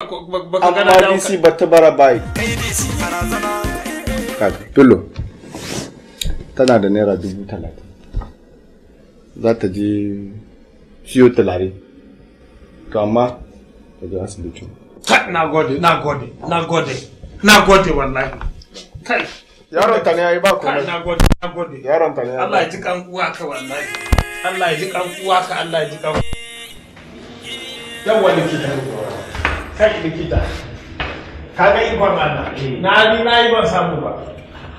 amma bc ba tana da naira dubu talatin za ta je siyo tulare to amma ta ji asibiti na gode na gode na gode na gode wallahi kai yaron ta ne ba komai na gode na gode yaron ta ne Allah ya ji kan uwa ka wallahi Allah ya ji kan uwa ka Allah ya ji kan yawa ne ki da kai likita ga ikon Allah na ni na yi ban samu ba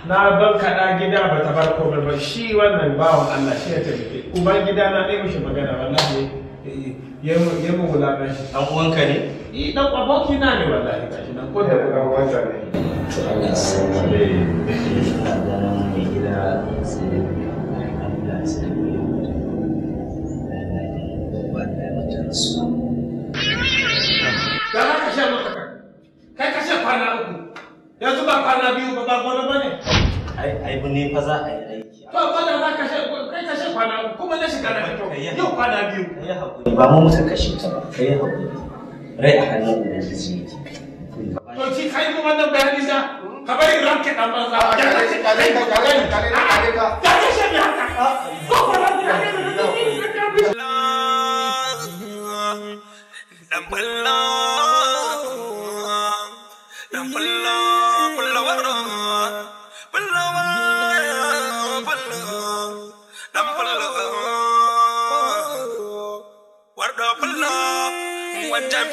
na ban kaɗa gida ba ta bar komai ba shi wannan bawon Allah shi ya tabbata uban gida na dai mishi magana wallahi ya mu ya mu shi dan ka ne eh dan aboki na ne wallahi shi nan ko da dan uwanka ne yi Allah sai ne gida sai Allah sai ya da za ka sha maka kai ka sha kwana uku yanzu ba kwana biyu ba ba gona ba ne ai ai bu ne fa za a yi aiki to ba da za ka sha kai ka sha kwana uku kuma na shiga na fito yau kwana biyu kai hakuri ba mu muka kashe ta ba kai hakuri rai a hannun ubangiji yake to shi kai mu wannan bayani da ka bari ranke dan banza ka ka ka ka ka ka ka ka ka ka ka ka ka ka ka ka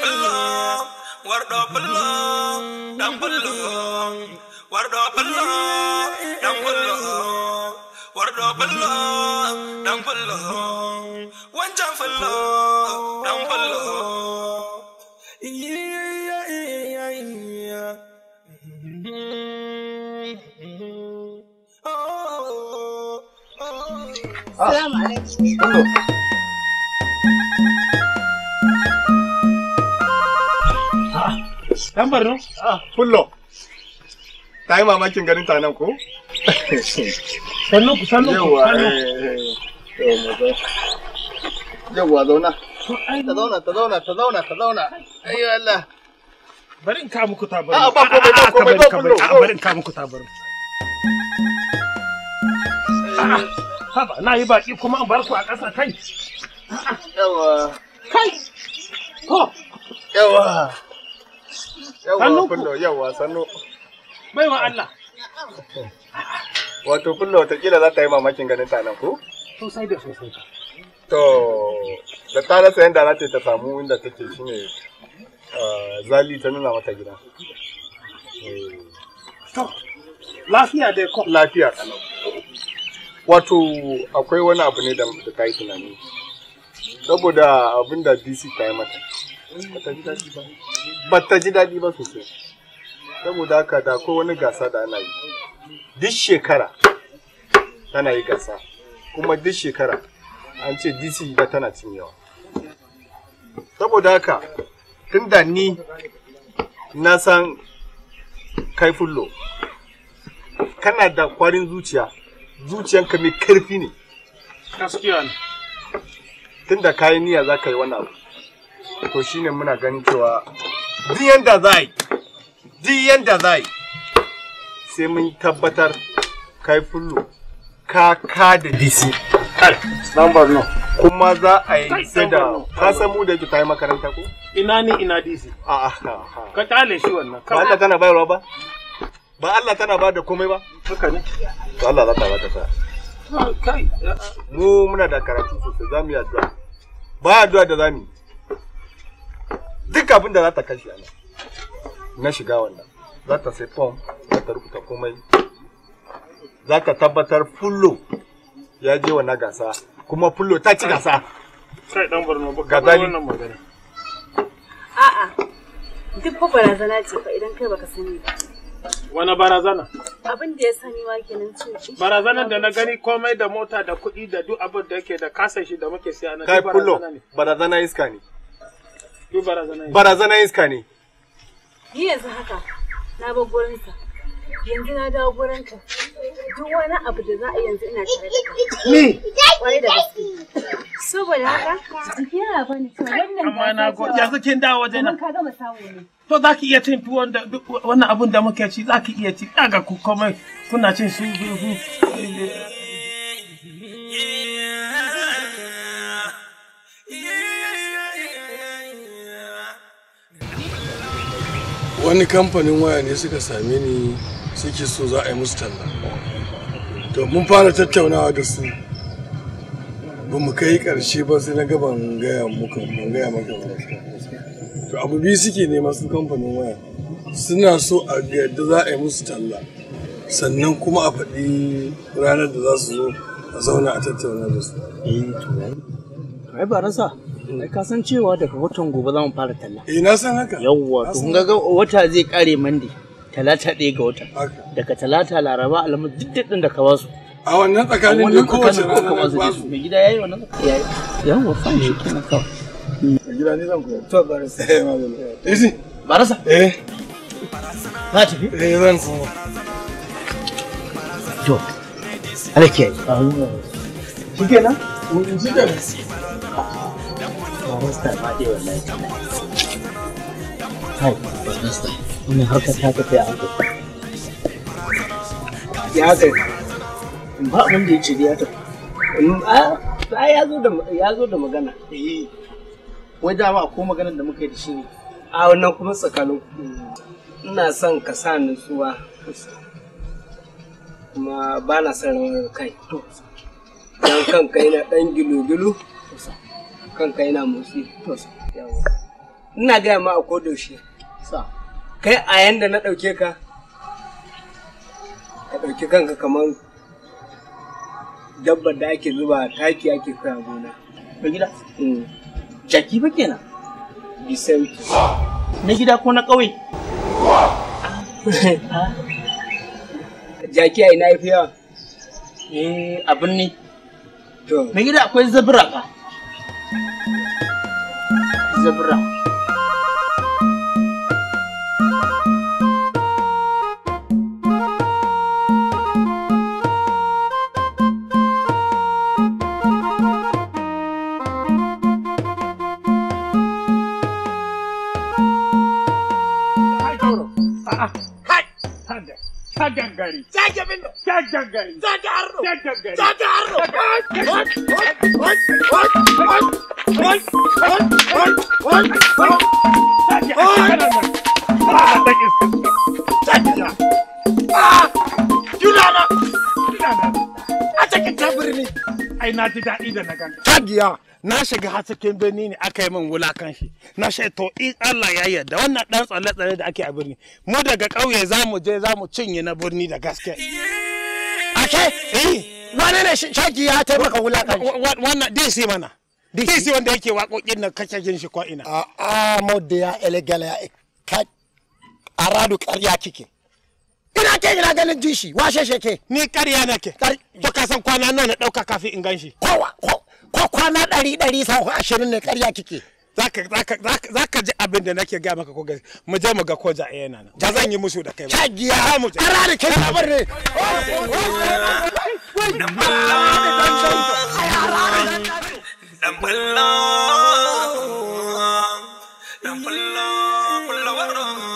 belum, wardo belum, dan belum, wardo belum, dan belum, wardo belum, dan belum, wanjang belum, dan belum. Yeah, yeah, yeah. Iya. Oh, oh, oh. Dan Barno? Ah, kullo. Ta yi mamakin ganin ta nan ko? Sannu ku sannu ku sannu. Eh, eh, Yawwa zauna. Ta zauna ta zauna ta zauna ta zauna. Ayyo Allah. Bari in ka muku tabarin. A'a ba komai ba komai ba kullo. A'a bari in muku tabarin. Haba na yi baki kuma in bar ku a ƙasa kai. Yawa. Kai. Ko. Yawa. Yawwa fullo yawwa sannu. Bai wa Allah. Wato fullo za ta yi mamakin ganin ta nan ko? sai da sosai. To da ta rasa yadda za ta samu inda take shine ah, zali ta nuna mata gida. To lafiya dai ko? Lafiya Wato akwai wani abu ne da ta yi tunani. Saboda abin da DC ta yi mata. ba ta ji daɗi ba sosai saboda haka da ko wani gasa da ana yi duk shekara tana yi gasa kuma duk shekara an ce dc ba tana yawa. saboda haka tun da ni na san kaifullo kana da kwarin zuciya zuciyanka mai karfi ne gaskiya ne tun da kayan niyya za ka yi wani abu to shine muna ganin cewa duk yanda za yi duk yanda za yi sai mun tabbatar kai fullo ka ka da dc number no kuma za a yi da ka san mu da yake ta yi makaranta ko ina ni ina dc a ka tale shi wannan ba Allah tana bayarwa ba ba Allah tana ba da komai ba haka ne to Allah za ta ba ta sa mu muna da karatu sosai za mu yi addu'a ba addu'a da za mu yi duk abin da za ta kashe ana na shiga wannan za ta sai form za ta rubuta komai za ta tabbatar fullo ya je wa na gasa kuma fullo ta ci gasa kai dan barno ga ga wannan magana a'a duk fa barazana ce fa idan kai baka sani ba wani barazana abin da ya sani wa kenan ce barazanar da na gani komai da mota da kuɗi da duk abin da yake da kasashi shi da muke siya na barazana ne barazana iska ne Barazana iska ne. Ni yanzu haka na bar gurinsa. Yanzu na dawo gurinka. Duk wani abu da za a yanzu ina tare da kai. Ni? Kwarai da gaske. Saboda haka, jiki yana ba ni cewa wannan Amma na go, yanzu kin dawo waje na. Ka gama samu ne. To za ki iya cin tuwon da wannan abun da muke ci za ki iya ci. Daga ku komai kuna cin su wani kamfanin waya ne suka same ni suke so za a yi musu talla to mun fara tattaunawa da su ba mu kai karshe ba sai na gaban gaya muka mun gaya maka to abu biyu suke nema su kamfanin waya suna so a yadda za a yi musu talla sannan kuma a faɗi ranar da za su zo a zauna a tattauna da su. Eh, ai ba rasa. ka san cewa daga watan gobe za mu fara talla eh na san haka yawwa to kun ga wata zai kare mandi talata ɗaya ga wata daga talata laraba alamu duk daɗin da ka ba su a wannan tsakanin ne kowace rana ba su mai gida yayi wannan yayi yawwa fine shi kenan kawai gida ne zan koya to barasa eh isi barasa eh ka eh. tafi eh zan koma to alake shi kenan shi kenan master ma dai wallahi kai master wannan harkar ta tafi a hankali ya kai ba abin da ya ce ya tafi a ya zo da magana eh wai dama ko maganar da muka yi da shi ne a wannan kuma tsakanin ina son ka sa nutsuwa kuma ba na son rawar kai kan kai na ɗan gilu-gilu kanka yana motsi to ina gaya ma a kodaushe sa kai a yanda na ɗauke ka ka ɗauki kanka kamar dabbar da ake zuba taki ake a gona ba gida mm. jaki ba kenan bisauki na gida ko na ƙauye jaki a ina yafi yawa eh abin ne to me gida akwai zabura ka zebra. Jagangari. Jagabindo. Jagangari. Jagarno. Jagangari. Jagarno. What? What? What? What? na ji daɗi da na gani. Hajiya na shiga hasken birni ne aka yi min wulakan shi. Na shi to in Allah ya yarda wannan ɗan tsalle-tsalle da ake a birni. Mu daga ƙauye za mu je za mu cinye na birni da gaske. Ake? Eh. Wane ne shaki ya taimaka wulakan shi? Wannan DC mana. DC wanda yake waƙoƙin na kake jin shi ko ina. A'a mu da ya elegala ya e- aradu ƙarya kike. ina ke ina ganin jishi washe ke ni ƙarya ke to ka san kwana nan na ɗauka kafin in ganshi kowa ko kwana ɗari ɗari sau ashirin ne ƙarya kike za ka ji abin da nake gaya maka ko gari mu je mu ga ko ja'a yana nan da zan yi musu da kai ba ha mu je ara da ke ne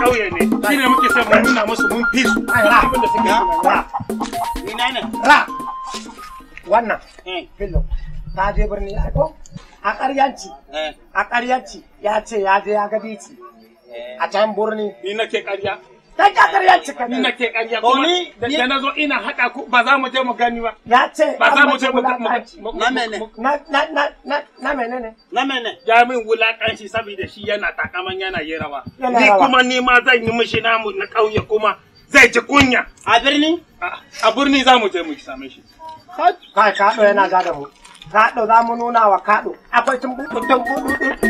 kauye ne shi ne muke son mu nuna musu mun fi su ra ina ne ra wannan fillo eh. ta je birni a ko a ƙaryanci eh. a ƙaryanci ya ce ya je ya eh. a can birni ni nake ƙarya Dan ka ƙarya cika ne. Ina ke ƙarya kuma da na zo ina haɗa ku ba za mu je mu gani ba. Na ce ba za mu je mu Na mene? Na na na na na mene ne? Na mene? Ya min wulaƙanci saboda shi yana takaman yana yi rawa. Ni kuma ni ma zan yi mishi namu na ƙauye kuma zai ji kunya. A birni? A birni za mu je mu same shi. Kai kaɗo yana gada mu. Kaɗo za mu nuna wa kaɗo. Akwai tumbuɗu tumbuɗu.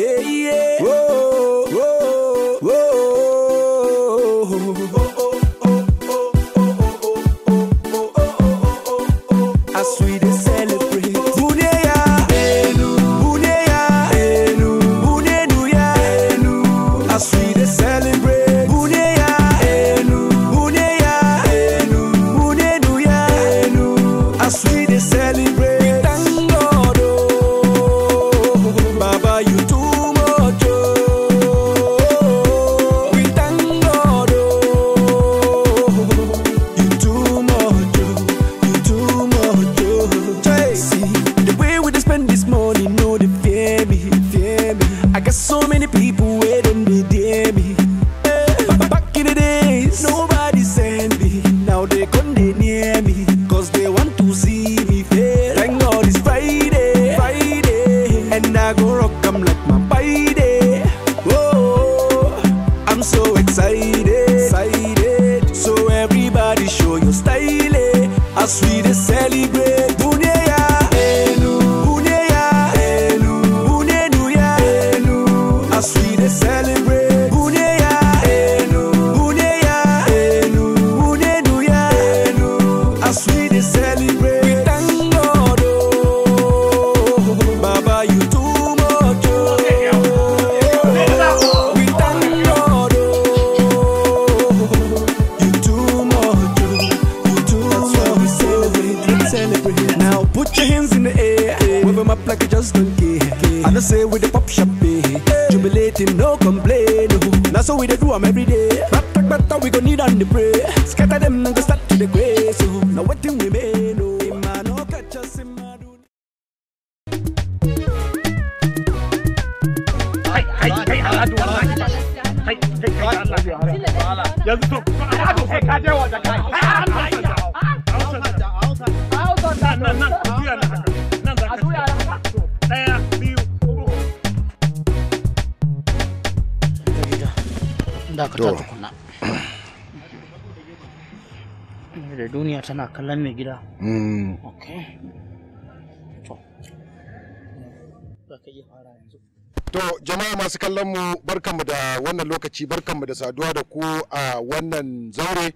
yeah, yeah. Oh. da duniya tana kallon mai gida hmm. to jama'a masu kallon mu barkanmu da wannan lokaci barkanmu da saduwa da ku a wannan zaure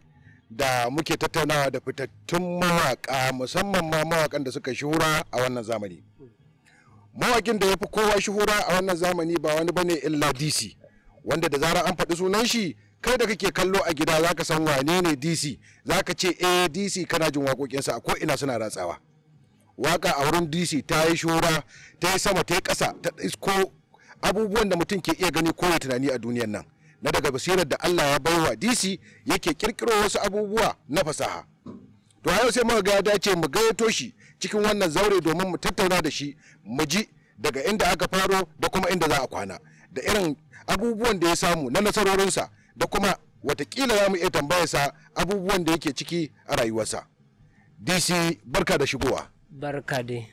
da muke tattaunawa da fitattun mawaka musamman ma mawakan da suka shura a wannan zamani. Mawakin da ya fi kowa shuhura a wannan zamani ba wani bane illa DC. wanda da zarar an faɗi sunan shi kai da kake kallo a gida zaka san wane ne dc zaka ce eh dc kana jin waƙoƙinsa a ina suna ratsawa waka a wurin dc ta yi shura ta yi sama ta yi ƙasa ta isko abubuwan da mutum ke iya gani ko ya tunani a duniyar nan na daga basirar da allah ya baiwa dc yake kirkiro wasu abubuwa na fasaha to a yau sai muka ga ya dace mu gayyato shi cikin wannan zaure domin mu tattauna da shi mu ji daga inda aka faro da kuma inda za a kwana da irin abubuwan da ya samu na nasarorinsa da kuma watakila za mu iya tambayarsa abubuwan da yake ciki a rayuwarsa dc barka da shigowa barka dai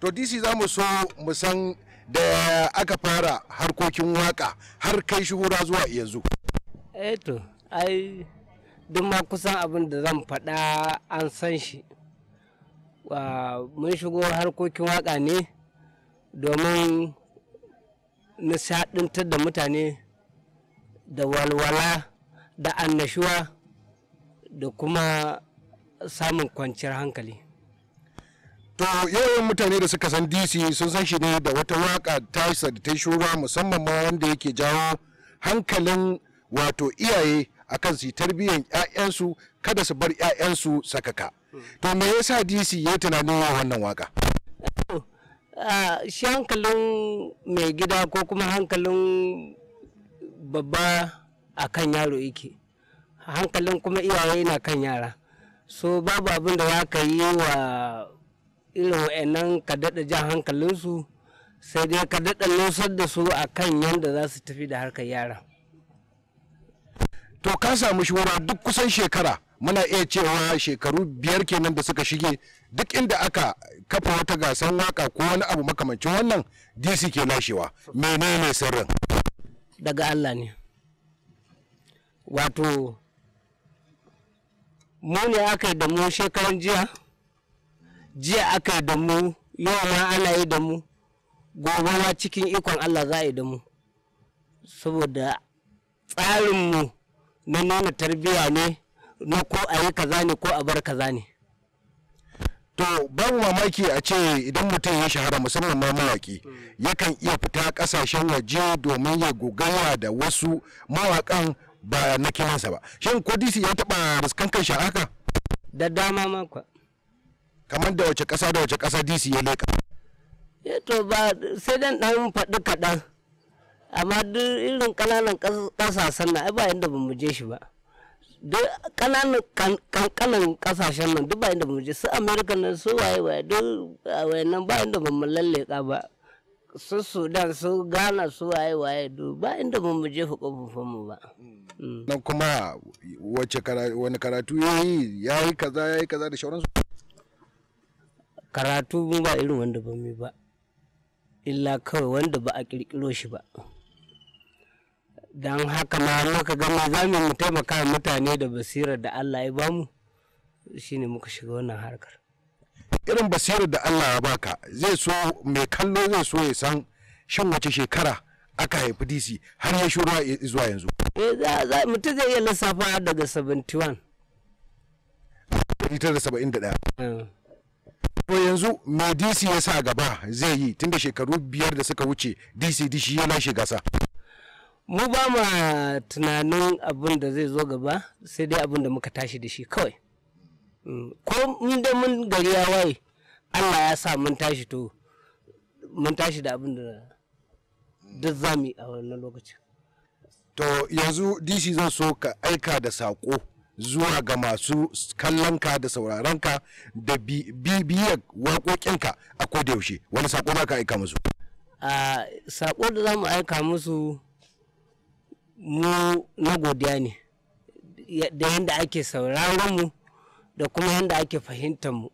to dc za mu so mu san da aka fara harkokin waka har kai shuhura zuwa yanzu eto eh ai duk ma kusan abin da zan faɗa an san shi mun shigo harkokin waka ne domin nishaɗantar da mutane da walwala da annashuwa da kuma samun kwanciyar hankali to yawan mutane da suka san dc sun san shi ne da wata waka isa da ta shura musamman ma wanda yake jawo hankalin wato iyaye a kan su tarbiyyar 'ya'yansu kada su bar 'ya'yansu sakaka to me yasa dc ya tunanin wannan waka Ah, shi hankalin mai gida ko kuma hankalin babba a kan yaro yake hankalin kuma iyaye na kan yara so babu abin da za ka yi wa irin wa'annan ka daɗa jan hankalinsu sai dai ka daɗa nusar da su a kan yadda za su tafi da harkar yara to ka samu shura duk kusan shekara muna iya cewa shekaru biyar kenan da suka shige duk inda aka kafa wata gasar waka ko wani abu makamancin wannan dc ke lashewa menene sirrin daga allah ne wato mu ne aka yi da mu shekaran jiya jiya aka yi da mu yau ma ana yi da mu gobe ma cikin ikon allah za a yi da mu saboda tsarinmu na nuna tarbiyya ne na ko a yi kaza ne ko a bar kaza ne to babu mamaki a ce idan mutum ya shahara musamman ma mawaƙi mm. yakan iya fita ƙasashen waje domin ya gogaya da wasu mawakan ba na kiransa ba shin ko disi ya taɓa fuskantar sha'aka. da dama makwa kamar da wace ƙasa da wace ƙasa dc ya leƙa ya eh to ba sai dan ɗan faɗi kaɗan amma duk irin ƙananan ƙasashen na ai ba yadda ba mu je shi ba duk kananan kankanan kasashen nan duk ba inda mu je su america nan su waye waye duk wayannan ba inda ba mu lalleka ba su sudan su ghana su waye waye duk ba inda ba mu je fuka mu ba mm. nan kuma wace wani karatu ya yi ya yi kaza ya yi kaza da shauransu karatu ba irin wanda ba mu ba illa kawai wanda ba a kirkiro shi ba don haka ma muka gama za mu taimaka mutane da basirar da Allah ya bamu shine muka shiga wannan harkar irin basirar da Allah ya baka zai so mai kallo zai so ya san shin wace shekara aka haifi DC har ya shura zuwa yanzu eh mutum zai iya lissafa daga 71 hmm. to yanzu me DC ya sa gaba zai yi tunda shekaru biyar da suka wuce DC dishi ya lashe gasa mu ba ma tunanin abin da zai zo gaba sai dai abin da muka tashi da shi kawai mm, ko inda da mun gari ya waye allah ya sa mun tashi to mun tashi da abin da duk zami a wannan lokacin to yanzu dc zan so ka aika da saƙo zuwa ga masu kallonka da ka da bibiyar waƙoƙinka a kodayaushe wani saƙo za ka aika musu a ah, saƙo da za mu aika musu mu na godiya ne da yadda ake sauraron mu da kuma yadda ake fahimtar mu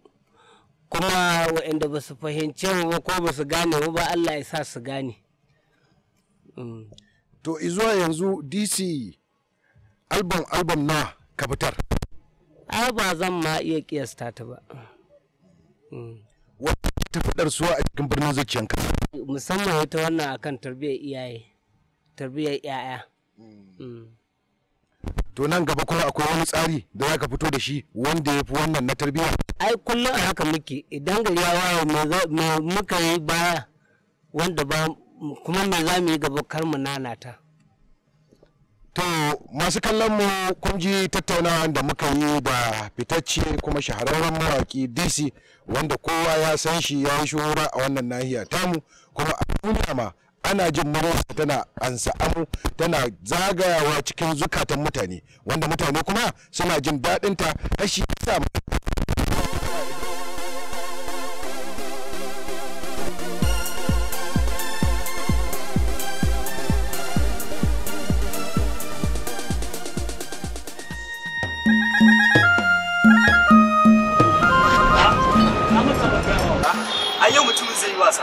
kuma waɗanda ba su fahimce mu ba ko ba su gane mu ba Allah ya sa su gane mm. to izuwa yanzu dc album album na ka fitar ai ba zan ma iya kiyasta ta ba mm. wata ta fadar suwa a cikin birnin zuciyanka musamman ita wannan akan tarbiyyar iyaye tarbiyyar 'ya'ya Mm. to nan gaba kuma akwai wani tsari da za ka fito da shi wanda ya fi wannan na tarbiyya ai kullum a haka muke idan gari ya waye me muka yi baya wanda ba kuma me za mu yi gaba kar mu nanata to masu kallon mu kun ji tattaunawa da muka yi da fitacce kuma shahararren mawaki dc wanda kowa ya san shi ya yi shura a wannan nahiya tamu kuma a duniya ma ana jin murarsa tana ansa amu tana zagayawa cikin zukatan mutane wanda mutane kuma suna jin daɗinta ta shi yasa mutumin zai yi wasa.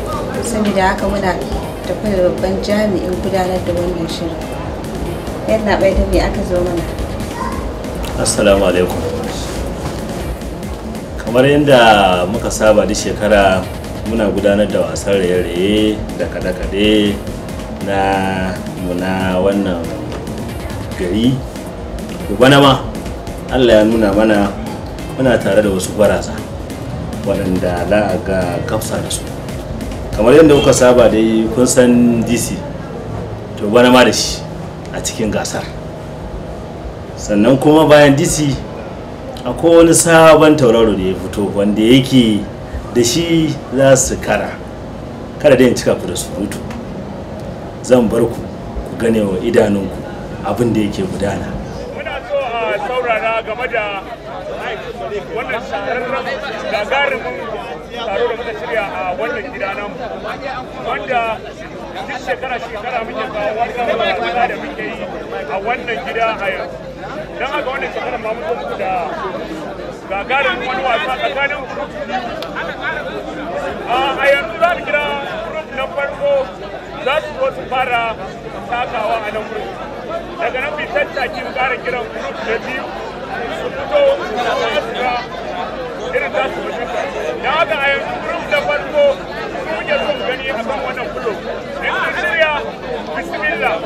saboda haka muna tafi da babban jami'in gudanar da wannan shirin yadda bai da me aka zo mana assalamu alaikum kamar yadda muka saba di shekara muna gudanar da wasan raye-raye da kaɗe-kaɗe na muna wannan gari na ma allah ya nuna mana muna tare da wasu barasa waɗanda za a ga kafsa da su kamar yadda kuka saba dai kun san dc to bana ma da shi a cikin gasar sannan kuma bayan dc akwai wani sabon tauraro da ya fito wanda yake da shi za su kara kada da yin cika ku da surutu zan bar ku ku gane wa idanunku abin da yake gudana muna so a saurara game da wannan shahararren gagarumin taro da muka shirya a wannan gida namu wanda duk shekara shekara muke kawo wannan wasa da muke yi a wannan gida a yanzu don haka wannan shekara ma mun muku da gagarumin wani wasa tsakanin a yanzu za mu kira group na farko za su zo su fara takawa a nan wurin daga nan bi tattaki mu kara kiran group na biyu irin za su da haka a yanzu group na farko muke son gani a kan wannan kulo in sun shirya bismillah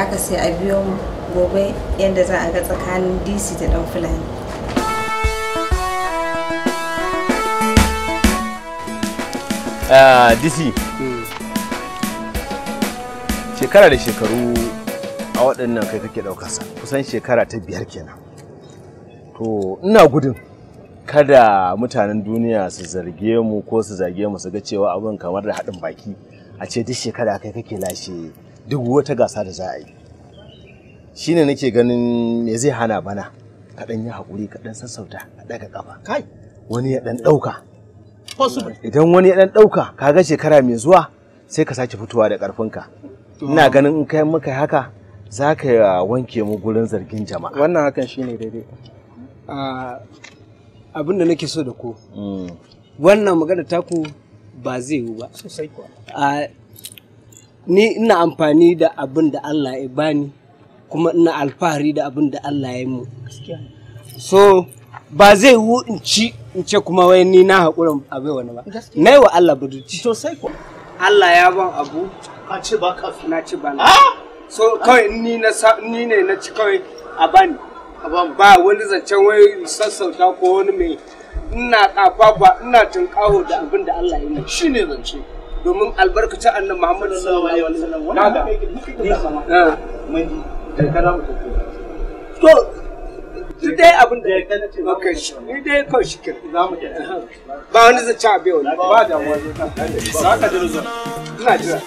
haka sai a biyo mu gobe yadda za a ga tsakanin dc da dan fulani ah, dc hmm. shekara da shekaru a waɗannan kai kake ɗaukarsa kusan shekara ta biyar kenan to ina gudun kada mutanen duniya su zarge mu ko su zage mu su ga cewa abin kamar da haɗin baki a ce duk shekara kai kake lashe duk wata gasa da za a yi shine nake ganin me zai hana bana kaɗan yi haƙuri kaɗan sassauta a ɗaga ƙafa kai wani ya ɗan ɗauka idan wani ya ɗan ɗauka kaga shekara mai zuwa sai ka sake fitowa da ƙarfinka ina ganin in kai muka haka za ka wanke mu gurin zargin jama'a wannan hakan shine daidai ah, abin da nake so da ku mm. wannan magana taku ba zai yiwu ba sosai ni ina amfani da abin da Allah ya bani kuma ina alfahari da abin da Allah ya mu so ba zai wu in ci in ce kuma wai ni na haƙurin abai wani ba na wa Allah budurci to sai ko Allah ya ban abu ka ce ba ka na ci ba na ah! so kawai ni na ni ne na ci kawai a bani ba wani zancen wai sassauta ko wani mai ina kafa ba ina tunƙawo da abin da Allah ya yi ne zance domin albarkaci annan Muhammadu sallallahu alaihi wasallam wanda mai ah. da kana mutum to duk dai abin da ni dai kawai shi ba wani zai ba da wani ina jira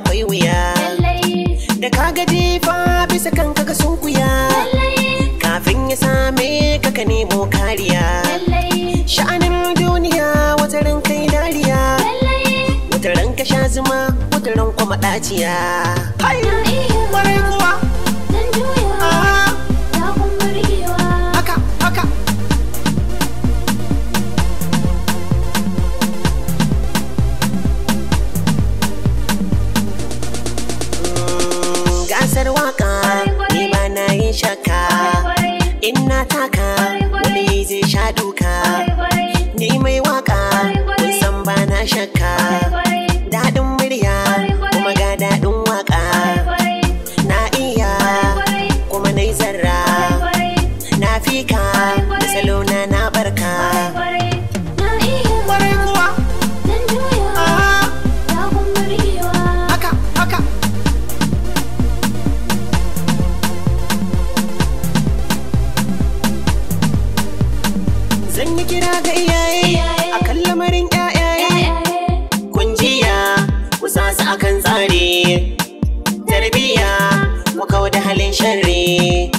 akwai wuya da ka gaji fa bisa kan kaga sun kuya kafin ya same ka ka nemo kariya sha'anin duniya wata ran kai dariya wata ran ka sha zuma wata ran kuma daciya zan yi kira ga iyaye a kan lamarin ƴaƴaye kunjiya ku sa su kan tsari tarbiyya ku Kau da halin sharri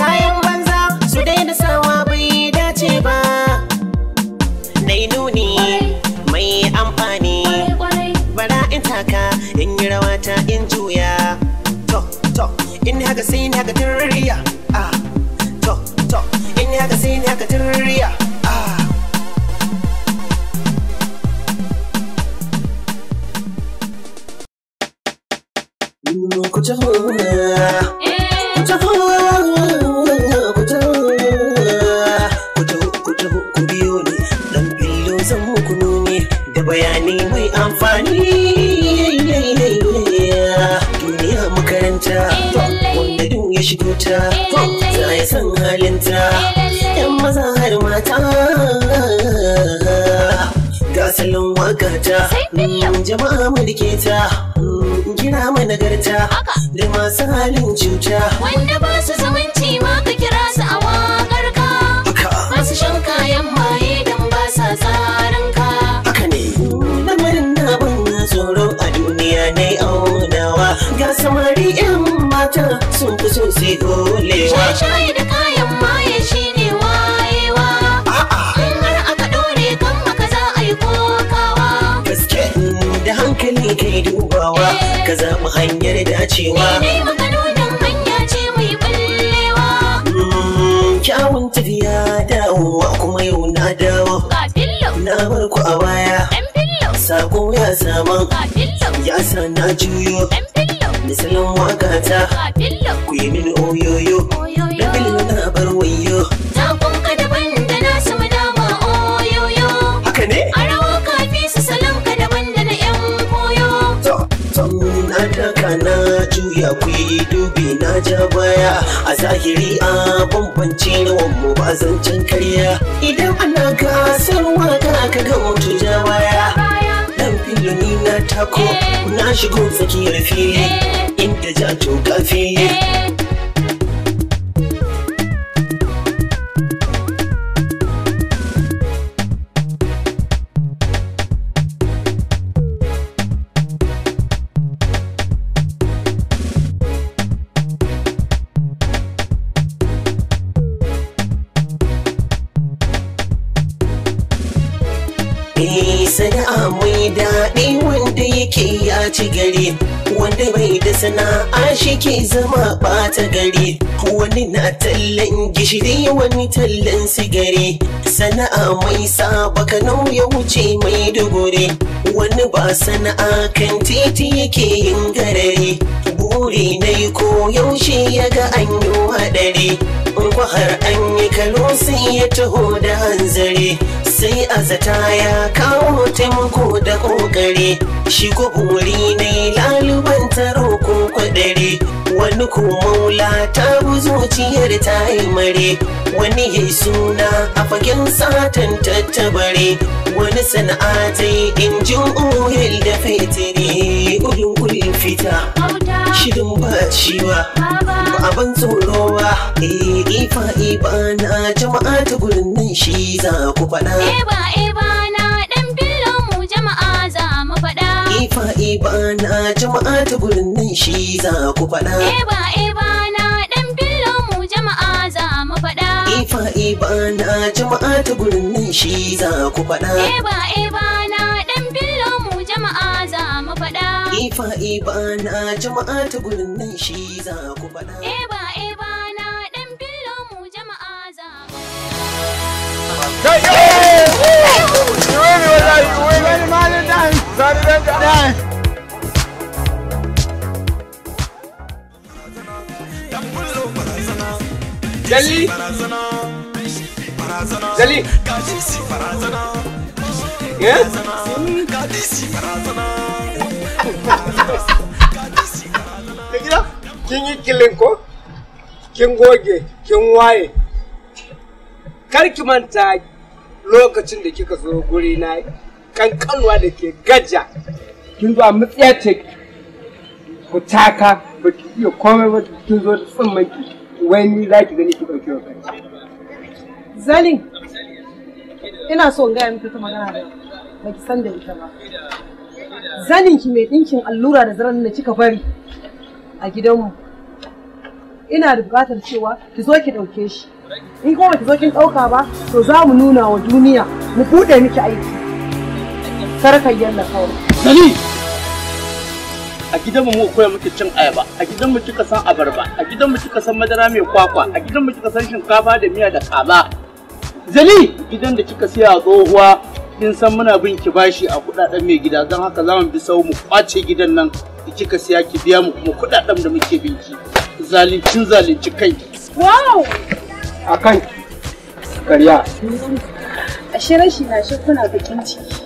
kayan banza su daina sawa bai dace ba nai nuni mai amfani bara in taka in yi rawata in juya to to in haka sai in haka tarriya taho ku ku biyo dan billo zan da bayani mai amfani duniya makaranta wanda duk ya shigo ta san halinta yan maza mata ga salon wakata jama'a mulke ta nama nagarta da masu halin cuta wanda ba su zumunci ma ka kira su a wakar ka masu shan kayan maye don ba sa tsarin ka haka ne lamarin na bin tsoro a duniya na aunawa ga samari 'yan mata sun fi so su da hanyar dacewa. Ni dai hanya ce mai ballewa. Mm, kyawun tafiya dawowa kuma yau na dawo. Ga fillo. Na bar ku a baya. Ɗan fillo. Sako ya saman. Ga Ya sa na juyo. Ɗan fillo. Misalin Ga Ku yi min oyoyo. Oyoyo. Na bar wayo. ya dubi na ja baya a zahiri a bambance na mu ba zancen karya idan ana gasar waka ka ga mutu ja baya dan filini na tako na shigo tsakiyar fili inda ja to fili ci gari wanda bai da sana'a shi ke zama bata gari wani na tallan gishiri wani tallan sigari sana'a mai saba ka ya wuce mai dubure wani ba sana'a kan titi yake yin garare buri na yi ko yaushe ya ga an yi haɗari har an yi kalo sai ya taho da hanzari sai a zata ya kawo taimako da kokare shigo ko buri ne laluban taro ko kwadare wani ko maula ta zuciyar ta yi mare wani ya suna a fagen satan tattabare wani sana'a ta yi injin ohel da fetare gudun gudun fita shirin ba ciwa ba abin tsoro ba eh ifa iba na jama'a ta gurin nan shi za ku faɗa eba eba na ba na jama'a ta gurin nan shi za ku faɗa. Eba eba na ɗan fillo mu jama'a za mu faɗa. Ifa eba na jama'a ta gurin nan shi za ku faɗa. Eba eba na ɗan fillo mu jama'a za mu faɗa. Ifa eba na jama'a ta gurin nan shi za ku faɗa. Eba eba na ɗan fillo mu jama'a za mu faɗa. Yeah. Jalli! Jalli! Ka gida? yi kilin ko? Kin goge, kin waye. Kar ki manta lokacin da kika zo guri na kankanwa da ke gaja. Kin zo a matsiya ku taka ba ki iya komai ba kin zo da wai ni za ki gani ki ɗauki wa kai. ina so in gaya miki ta magana da ba ki san da ita ba. Zanin ki mai ɗinkin allura da zaran da kika bari a gidanmu. Ina da buƙatar cewa ki zo ki ɗauke shi. In kuma ki zo kin ɗauka ba, to za mu nuna wa duniya mu buɗe miki aiki. Sarkar yalla kawai. Zali! a gidan mu koya muke cin ayaba a gidanmu kika san abarba a gidanmu kika san madara mai kwakwa a gidanmu kika san shinkafa da miya da kaza zali gidan da kika siya a tsohuwa kin san muna bin ki bashi a kudaden mai gida don haka za mu bi sau mu kwace gidan nan da kika siya ki biya mu kuma kudaden da muke bin ki zalincin zalunci kanki wow a kanki ashe rashi na shi kuna bakin ciki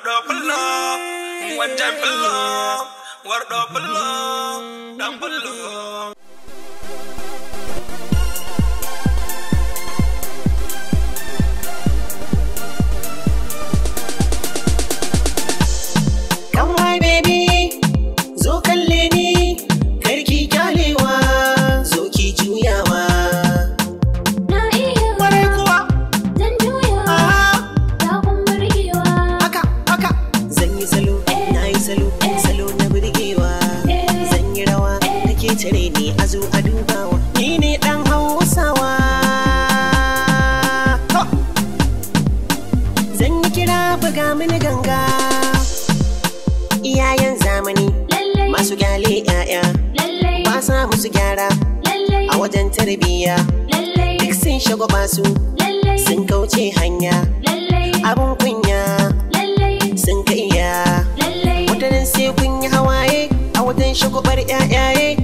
Wardo pelo, wajan pelo, wardo pelo, dan pelo. gyara a wajen tarbiyya duk sun shagwaba su sun kauce hanya abun kunya sun kai wadannan sai kun yi hawaye a wajen bar 'ya'yaye